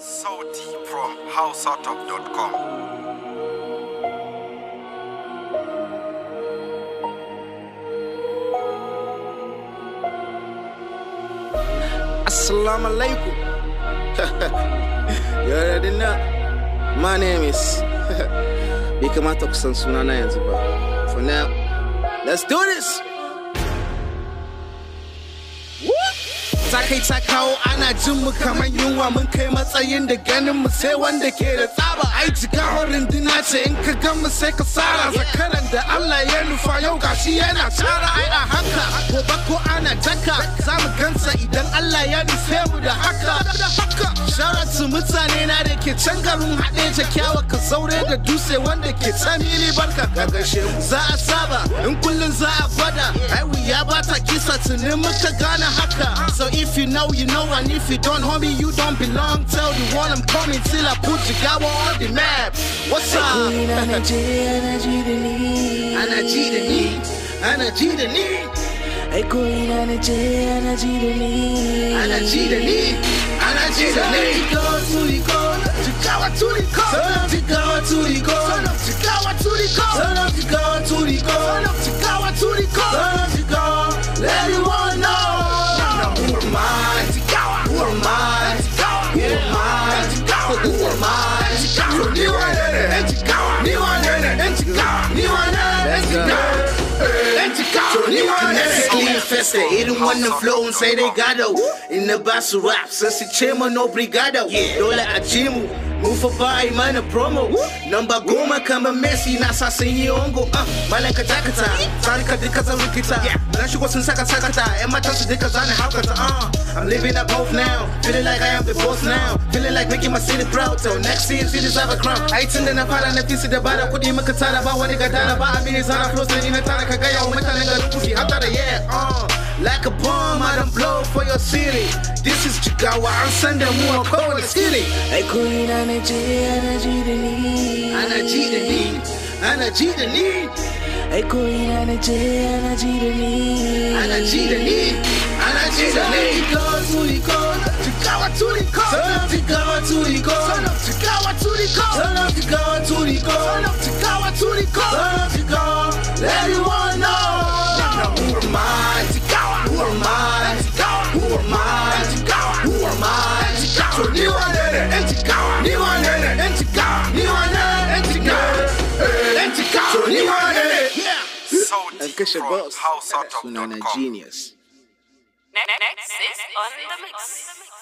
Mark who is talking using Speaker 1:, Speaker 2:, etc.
Speaker 1: So deep from houseoutop.com. Assalamu alaikum. you already know. My name is. Bai kamata kusan For now, let's do this! ta kai ta kawo ana jin mu kamar yunwa mun kai matsayin da ganin mu sai wanda ke da tsaba ai jikawar rinduna ce in ka gan mu sai ka sara zakaran da Allah ya nufa yau gashi yana tara ai a haka ko bako ana daka za mu gansa idan Allah ya nufa mutane na da ke can garin haɗe ta kyawa ka zaure da dutse wanda ke tsamili barka ka za a saba in kullum za a gwada ai ya ba ta kisa tunin muka gane haka so if you know you know and if you don't homie you don't belong tell the one I'm coming till I put you gawa on the map what's up ana ji da ni ana ji da ni ana ji da ni Ecco in energia, energia di lì Energia di lì, energia Manchester, even when the flow and say they got out. In the bass rap, says the chairman, no brigado. Yeah. Dollar a chimu man a promo Namba goma kama Messi na sasa ongo. uh, ah, Malenka jakata Sarika dika za rikita Na shigo sun saka sakata And my touch dika zana hakata uh. Ah, I'm living up both now Feeling like I am the boss now Feeling like making my city proud So next year she deserve a crown I tend to fara na fisi da bara Kudi maka tara ba wani gadara ba Amini zara flows na ina tara Kagaya wa mutane ga rukusi hatara yeah uh. Like a bomb I don't blow your city. This is Chikawa, I'm sending more call the city. Hey, Queen, energy, energy the need. Energy the need. Energy the need. Hey, Queen, energy, energy the need. Energy the need. Energy the need. Chikawa to the call. Chikawa to the call. Turn up Chikawa to the call. Turn up Chikawa to the call. Turn up Chikawa to the call. Turn up to the 你玩的嘞，人气高，你玩的人气高，人气高，你玩的嘞。Kesha Boss, known a Genius. Next is on the mix.